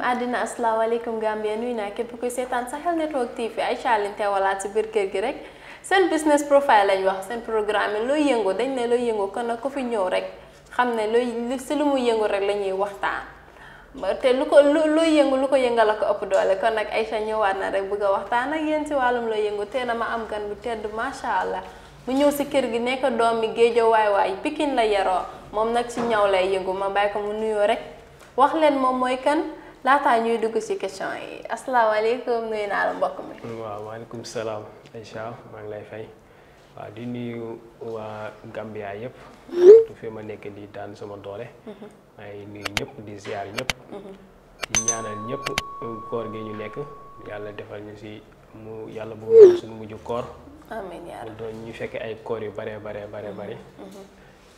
asalaamaaleykum àddina asalaamaaleykum Gambia nuyu naa képp kuy seetaan Sahel Network TV ay caalin teewalaat si biir kër gi rek seen business profile lañ wax seen programme yi looy yëngu dañ ne looy yëngu kon nag ku fi ñëw rek xam ne looy si lu mu yëngu rek la ñuy waxtaan. te lu ko lu yëngu lu ko yëngal a ko ëpp doole kon nag sa ñëwaat na rek bëgg a waxtaan ak yéen si wàllum looy yëngu te ma am gan bu tedd macha allah mu ñëw si kër gi nekk doom mi géejo waay waay Pikine la yaroo moom nag si ñaw lay yëngu ma bàyyi mu nuyoo rek wax leen moom mooy kan. laataa ñuy dugg ci question yi asalaamaaleykum nuyu naa la mbokk mi. waaw maaleykum salaam Aïcha maa lay fay waaw di nuyu waa Gambia yëpp. surtout fi ma nekk di daan sama doole. maa ngi nuyu ñëpp di ziar ñëpp. di ñaanal ñëpp koor gi ñu nekk yàlla defal ñu si mu yàlla bu suñu mujj koor. amiin yaa doon ñu fekk ay koor yu bare bare bare bare.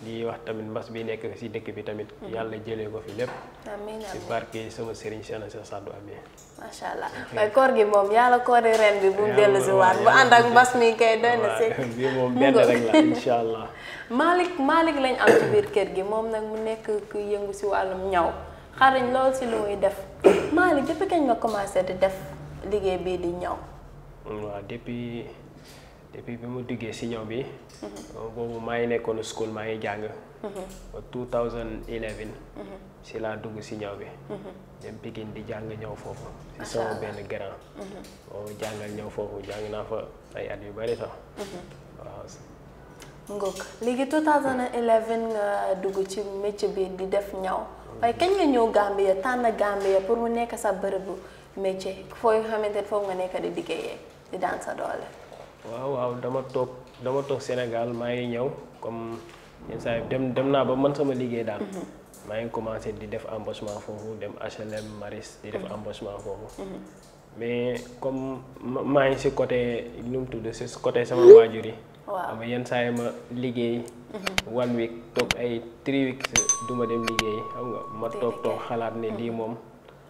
di wax tamit mbass bi nek ci dekk bi tamit yalla jëlee ko fi lepp amin amin ci barke sama serigne Cheikh Nassir Sadou amiin macha allah waaye koor gi mom yalla ya ko re ren bi bu delu ci si waat bu ànd ak mbas mi kay doyna na bi mom ben rek la inshallah malik malik lañ am ci bir kër gi mom nak mu nek ku yëngu ci walum ñaw xariñ lool ci lu muy def malik depuis kañ nga commencé di def liggéey bi di ñaw wa depuis depuis bi mu diggee si ñëw bi. Mhm. Euh, boobu maa ngi nekkoon school maa ngi jàng. Mhm. ba 2011. si laa dugg si ñaw bi. Mhm. dem Pikine di jàng ñëw foofu. si sama benn grand. boobu jàngal ñëw foofu jàng naa fa ay at yu bari sax. waaw. Ngok léegi 2011 nga dugg ci métier bi di def ñaw waaye kañ nga ñëw Gambia tànn Gambia pour mu nekk sa bërëbu métier fooy xamante ne foofu nga nekk di liggéeyee di daan sa doole. waaw waaw dama toog dama toog Sénégal maa ngi ñëw comme yenn saa dem dem naa ba man sama liggéey daal. Mhm. maa ngi commencé di def embauchement foofu dem HLM Maris di def mhm. embauchement foofu. Mhm. mais comme maa ngi si côté nu mu tudd si côté sama waajur yi. xam ama yenn saa yi ma liggéey. one week toog ay three weeks du ma dem liggéey xam nga ma toog toog xalaat ne lii moom.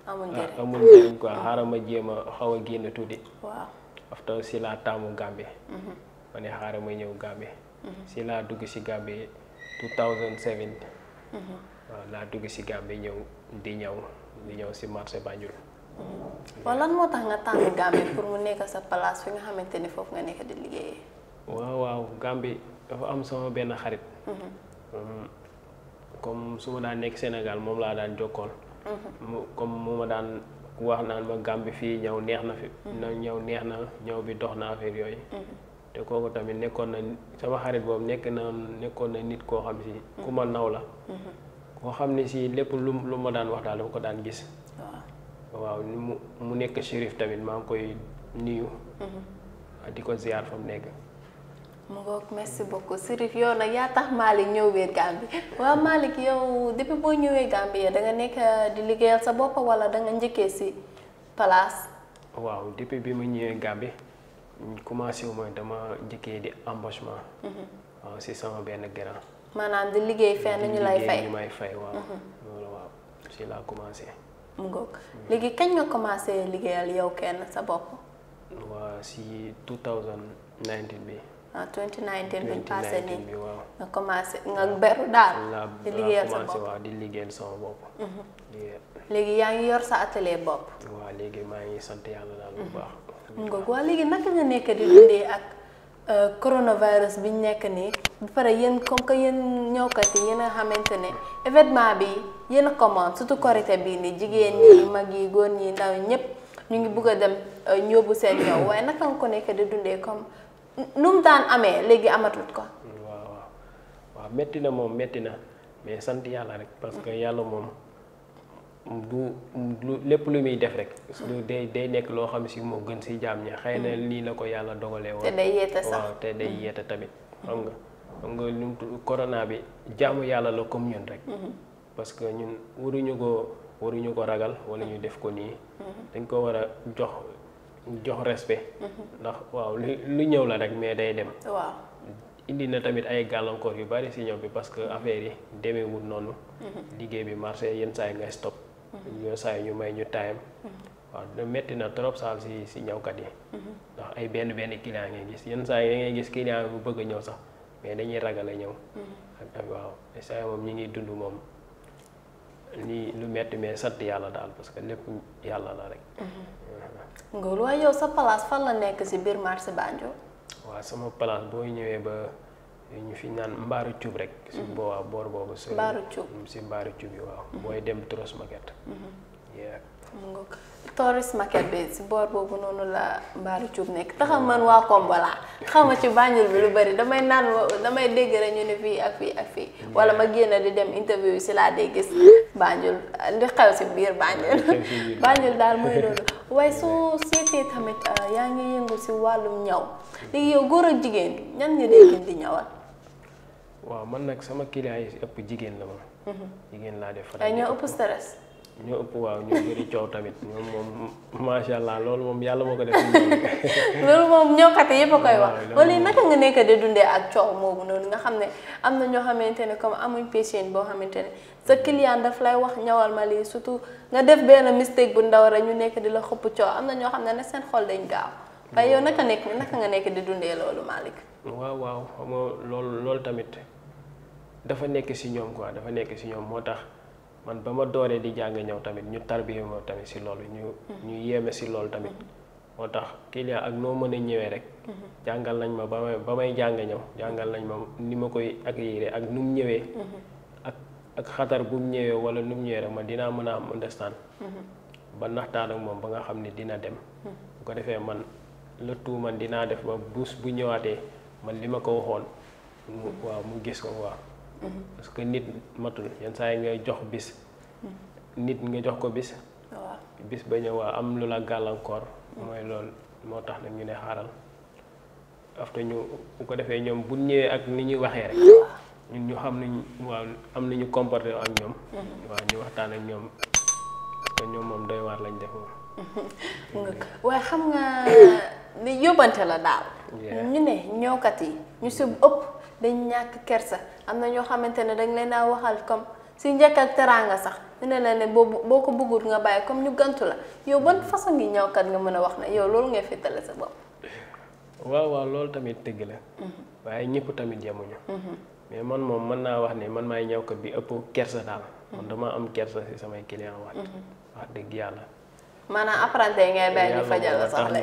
amul njëriñ ah, amul quoi xaaral ma jéem a xaw a génn tuuti. waaw after mhm. mhm. si laa taamu Gambie. ma ne xaaral may ñëw si laa dugg ci gambe 2007. waaw laa dugg si gambe ñew di ñew di ñew si marché Banjul. wa lan moo tax nga tànn gambe pour mu nekk sa place fi nga xamanteni ni nga nekk di liggéey waaw waaw gambe dafa am sama ben xarit. comme suma da nekk Sénégal moom daan jokkool. comme moma daan. ku wax naan ma bi fii ñaw neex na fi mm-hmm. na ñëw neex na ñëw bi dox na affaire yooyu mm-hmm. te kooku tamit nekkoon na sama xarit boobu nekk na nekkoon na nit koo xam si ku ma naw la mm-hmm. koo xam ne si lépp lu lu ma daan wax daal dafa ko daan gis waaw mu mu nekk shérif tamit maa ngi koy nuyu di ko ziar fa mu nekk mbok merci beaucoup Chérif yow nak ya tax malik ñewé wéer Gambie waaw Malick yow depuis boo ñëwee Gambie da nga nek di mhm. ah, liggéeyal anu mhm. mhm. sa bop wala da nga ñëké ci place. waaw depuis bi ma ñewé Gambie commencé wu dama ñëké di embauchement. ah c'est sama ben grand. manam di liggéey fenn ñu lay fay ñu may fay waaw. lolu waaw c'est là commencé. mbok ligi kañ nga commencé liggéeyal yow kenn sa bop wa si 2019 bi. en 2019 bi ñu passé nii nga commencé nga beru daal. di liggéeyal sa bopp mhm. léegi yaa ngi yor sa atelier bopp. waaw léegi maa ngi sant yàlla daal bu mhm. baax. nga léegi naka nga nekk di dundee ak euh, coronavirus bi ñu nekk nii ba pare yéen comme que yéen ñëwkat yi yéen a xamante ne événement bi yéen a ko moom surtout korité bii jigéen ñi mag yi góor ñi ndaw ñëpp ñu ngi bugg a dem ñóobu euh, seen ñëw waaye naka nga ko nekk di dundee comme. nu mu daan amee léegi amatut ko. waaw waaw waaw na moom metti na mais sant yàlla rek parce que yàlla moom du lépp lu muy def rek. lu day day nekk loo xam si moo gën si jaam ñi xëy na lii mm. la ko yàlla dogalee woon. te day yeete sax te day mm. yeete tamit xam nga. xam nga lu corona bi jaamu yàlla la comme ñun rek. Mm-hmm. parce que ñun waruñu ko waruñu ko ragal wala ñu def ko nii. Mm-hmm. dañ ko war a jox. jox respect. Mhm. ndax waaw lu lu ñëw la rek mais day dem. waaw indi na tamit ay gàllankoor yu bari si ñëw bi parce que affaire yi demeewul noonu. Mhm. liggéey bi marché yenn saa yi ngay stop. Mhm. yenn saa yi ñu may ñu time. waaw na trop saal si si ñawkat yi. ndax ay benn benn client ngay gis yenn saa yi ngay gis client bu bëgg a ñëw sax mais dañuy ragal a ñëw. ak waaw saa moom ñi ngi dund moom. nii lu metti mais sant yàlla daal parce que lépp yàlla la rek. Ngor waaye yow sa place fan la nekk ci biir marché Banjo. waaw sama place booy ñëwee ba ñu fi naan mbaaru cub rek. ci boobaa boor boobu. mbaaru cub mbaaru cub booy dem Toros Market. mu nga Toros Market bi ci boor boobu noonu la mbaaru cub nekk taxam man waa Kombola xama ci Banjul bi lu bari damay e naan damay e dégg rek ñu ne fii ak fii ak fii wala ma génn di dem interview ci laa dee gis Banjul li xew si biir Banjul Banjul daal mooy loolu waaye soo seetee tamit euh, yaa ngi yëngu si wàllum ñaw léegi yow góor a jigéen ñan nga dee gën di ñawal waaw mën nag sama client ëpp jigéen la ma mhm. jigéen laa def fa ñoo ëpp stress ñoo ëpp waaw ñoo bëri coow tamit ñoom moom macha allah loolu moom yàlla moo ko def. loolu moom ñoo kat yëpp a koy wax. wala naka nga di dundee ak coow moomu noonu nga xam ne am na ñoo xamante ne comme amuñ patient boo xamante ne sa client daf lay wax ñawal ma lii surtout nga def benn mistake bu ndaw rek ñu nekk di la xëpp coow am na ñoo xam ne ne seen xol dañ gaaw waaye yow naka nekk naka nga nekk di dundee loolu Malick. waaw waaw xam loolu loolu tamit dafa nekk si ñoom quoi dafa nekk si ñoom moo tax. man bama ma di jang ñëw tamit ñu tarbiyé mo tamit ci loolu ñu mm-hmm. ñu yéme ci loolu tamit mm-hmm. motax tax client ak no mën a rek mm-hmm. jangal nañ ma bamay may ba may jàng nañ ma ni ma koy accueillir ak num mu ak ak xatar bu mu wala num mu rek ma dina mëna am understand ba naxtaan ak mom ba nga xamni ne dina dem bu ko défé man le tout man dina def ba bus bu ñëwaatee man lima ko waxoon mu waaw mu gis ko waaw parce que nit matul yenn saa yi ngay jox bis. Hmm. nit nga jox ko bis. bis ba ñëw waa am lu la gàllankoor. mooy lool moo tax nag ñu ne xaaral afta ñu bu ko defee ñoom bu ñëwee ak ni ñuy waxee rek. ñun ñu xam nañ waaw am nañu comporté ak ñoom. Hmm. waaw ñu waxtaan ak ñoom parce ñoom moom doy waar lañ def moom. waaye xam nga li yóbbante la daal. ñu ne ñëwkat yi ñu si ëpp. dañ ñak kersa amna ño xamantene dañ leena waxal comme si njëkk ak teranga sax ñu ne la ne boko boo bëggul nga baye comme ñu gantu la yow ban façon ñaw kat nga mëna wax na yow lool nga fétale sa bop waaw waaw lool tamit tegg la waye ñepp tamit yemuñu mhm. mais man mom mën wax ni man ñaw ñawkat bi ëpp kersa daal man dama am kersa ci samay client wat mhm. wax deug yalla mana aparantenga ba ni fajala soxla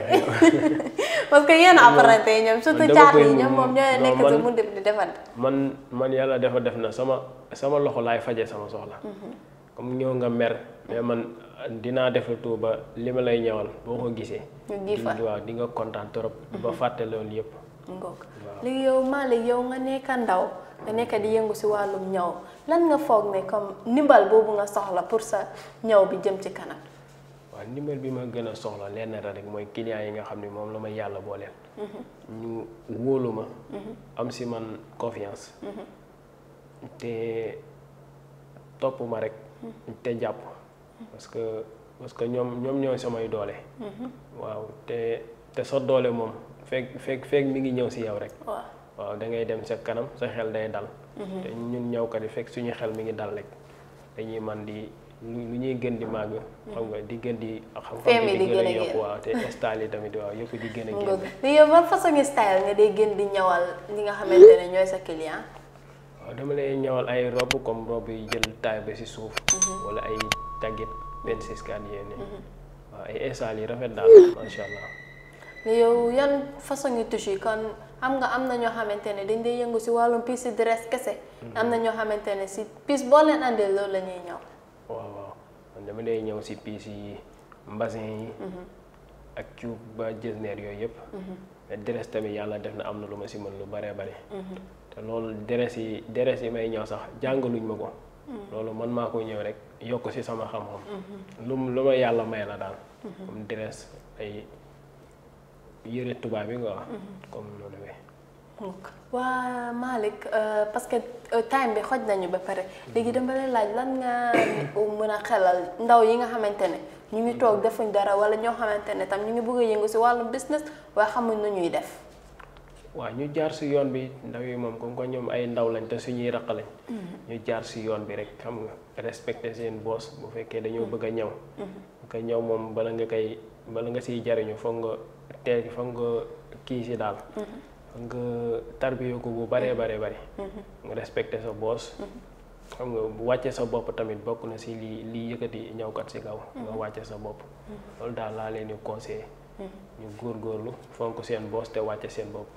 parce que yéen apparenté ñoom surtout caat yi ñoom moom ñoo nekk ci mu di defal man man yàlla ya def na sama sama loxo laay faje sama soxla comme ñëw nga mer mais man dinaa def tout ba lima ah? mhm. ma lay ñëwal boo ko gisee waaw di nga content trop ba fàtte loolu yëpp ngok léegi yow Malick yow nga nekk ndaw nga nekk di yëngu si wàllum ñaw lan nga foog ne comme ndimbal boobu nga soxla pour sa ñaw bi jëm ci kanam ndimbal bi ma gën a soxla lenn rek mooy client yi nga xam ne moom la ma yàlla booleel. ñu wóolu ma. am si man confiance. te topp ma rek. te jàpp parce que parce que ñoom ñoom ñooy samay doole. waaw te te sa doole moom fekk fekk fekk mi ngi ñëw si yow rek. waaw da ngay dem sa kanam sa xel day dal. Mhm. te ñun ñëw fekk suñu xel mi ngi dal rek dañuy man di. lu ñuy gën di màgg. xam nga di gën di. xam-xam di gën a di gën a génn. mais yow ban nga day gën di ñawal ñi nga xamante ne ñooy sa client. waaw dama lay ñawal ay robe comme robe yu jël taille si suuf. Mhm. wala ay tagit benn six quatre waa waaw ay style yi rafet daal macha allah. mais yow yan façon yu touche yi kon xam nga am na ñoo xamante ne dañ day yëngu si wàllum pièce de dress kese. Mhm. am na ñoo xamante ne si pièce boo leen andee loolu la ñuy ñaw. dama day ñëw si piis yi mbasin yi mm-hmm. ak cuub ba jësneer yooyu yëpp deres mm-hmm. tamit yàlla def na am na lu ma si mën lu bare bare mm-hmm. te loolu deres yi deres yi may ñëw sax jàngaluñ ma ko loolu man maa ko ñëw rek yokk si sama xam-xam lum lu ma yàlla may la daal comme deres ay yëre tubaab bi nga comme noonu demee waa Malick eh, parce que eh, time bi xoj nañu ba pare mhm. léegi dama nga um mën a xelal ndaw yi nga xamante ne ñu ngi toog mhm. defuñ dara wala ñoo xamante tam ñu ngi bëgg yëngu si wàllum business waaye xamuñ nu ñuy def. waaw ñu jaar si yoon bi ndaw yi moom comme que ñoom ay ndaw lañ te suñuy raq lañ. Mhm. ñu jaar si yoon bi rek xam nga respecté seen boss bu fekkee dañoo bëgg a ñaw. nga ñaw moom bala nga koy bala nga siy jariñu foog nga teel foog nga kii si daal nga tarbiyo ko bu mm-hmm. bare bare bare nga mm-hmm. respecté e sa boss xam mm-hmm. nga bu wàccee sa bop tamit bokku na si li yëkëti ñaw kat ci gaw nga wàccee sa bopp loolu daal laa leen di conseillé gor góorgóorlu fonku seen boss te wàcce seen bopp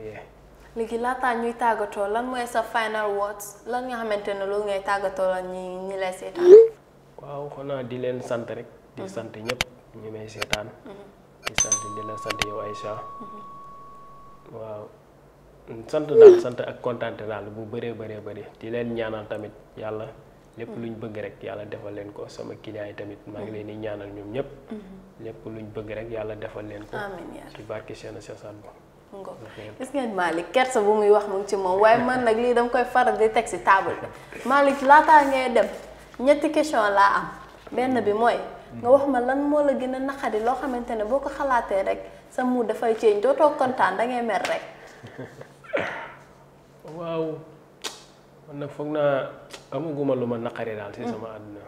yeah. la ta ñuy tagato lan moy sa final words lan nga xamante ne loolu ngay tagato la ñi ñi lay sétan waaw xona di len sante rek di sante ñëpp ñu may sétan di sante di la sante yow Aïcha waaw sant daal sant ak kontaante daal bu bëree bëree bëri di leen ñaanal tamit yàlla lépp mm. luñ bëgg rek yàlla defal leen ko sama client yi tamit maa ngi mm. leen di ñaanal ñoom ñëpp mm-hmm. lépp luñ bëgg rek yàlla defal leen ko ci barke Cheikh Sassane Ba gis ngeen Malick kersa bu muy wax mu ngi ci moom waaye man nag lii dama koy faral di teg si table bi Malick laataa ngay dem ñetti question laa am benn bi mooy nga wax ma lan moo la gën a naqari loo xamante ne boo ko xalaatee rek sa mu dafay ceeñ dootoo kontaan da ngay mer rek. waaw man nag foog naa amaguma lu ma naqari daal si mm. sama àdduna.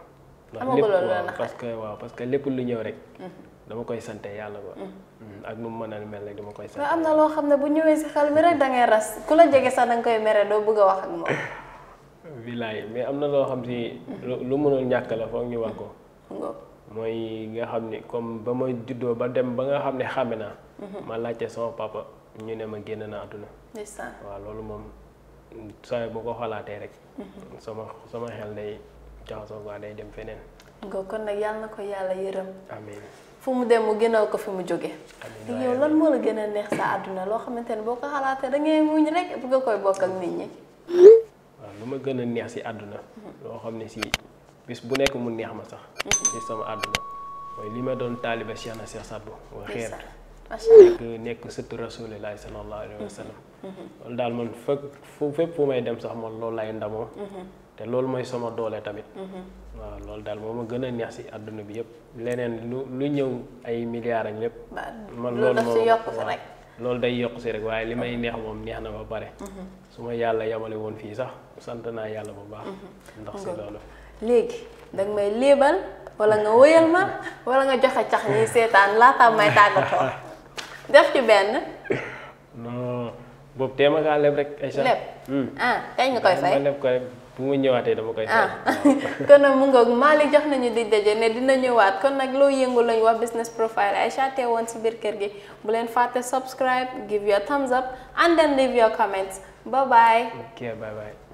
amaguma lu ma parce que waaw parce que lépp lu ñëw rek. Mm-hmm. dama koy sante yàlla ba. Mm-hmm. Mm, ak mu mën a mel rek dama koy. sant am na loo xam ne bu ñëwee si xel mi rek da ras ku la jege sax da koy mere doo bëgg a wax ak moom. bilaay mais am na loo xam si. Mm-hmm. lu mënul ñàkk la foog ñu wax ko. moy nga xamni ni comme ba moy juddoo ba dem ba nga xamni xamena mhm. ma laccé sama papa ñu né ma génn na aduna waaw loolu moom saa boo ko xalaté rek mhm. sama sama xel day jaxasoo ba day dem fenen nga kon nak yàlla na yalla yàlla amen fu mu dem mu gënal ko fi mu joggé yow lan mo la neex sa aduna lo xamantene boko xalaté da ngay muñ rek bu nga koy bokk nit ñi wa luma ma neex si aduna mhm. lo xamni ci bis bu nekk mu neex ma sax ci sama àdduna mooy li ma doon taaliba Cheikh na Cheikh Sadbu mooy xeer nekk nekk sëtu rasulillahi sallallahu alayhi wa sallam loolu daal man fekk fu fépp fu sax man loolu lay ndamoo te loolu mooy sama doole tamit waaw loolu daal moo ma gën a neex si àdduna bi yépp leneen lu lu ñëw ay milliards ak lépp man loolu moom loolu day yokk si rek waaye li may neex moom neex na ba pare mhm. su ma yàlla yamale woon fii sax sant naa yàlla bu baax mhm. ndax si loolu Lagi, dang may label wala nga wëyal ma wala nga joxe cax ñuy seetaan ta may tàggatoo def ci ben non bob tee ga leb rek. Aïcha leb hmm. ah tay nga koy fay leb koy bu mu ñëwaatee dama koy. fay ah. kon nag mu ngoog Mali jox nañu di daje ne dina ñëwaat kon nak lo yëngu lañ wa business profile Aïcha tee won ci bir kër gi bu len faté subscribe give your thumbs up and then leave your comments bye bye. okay bye bye.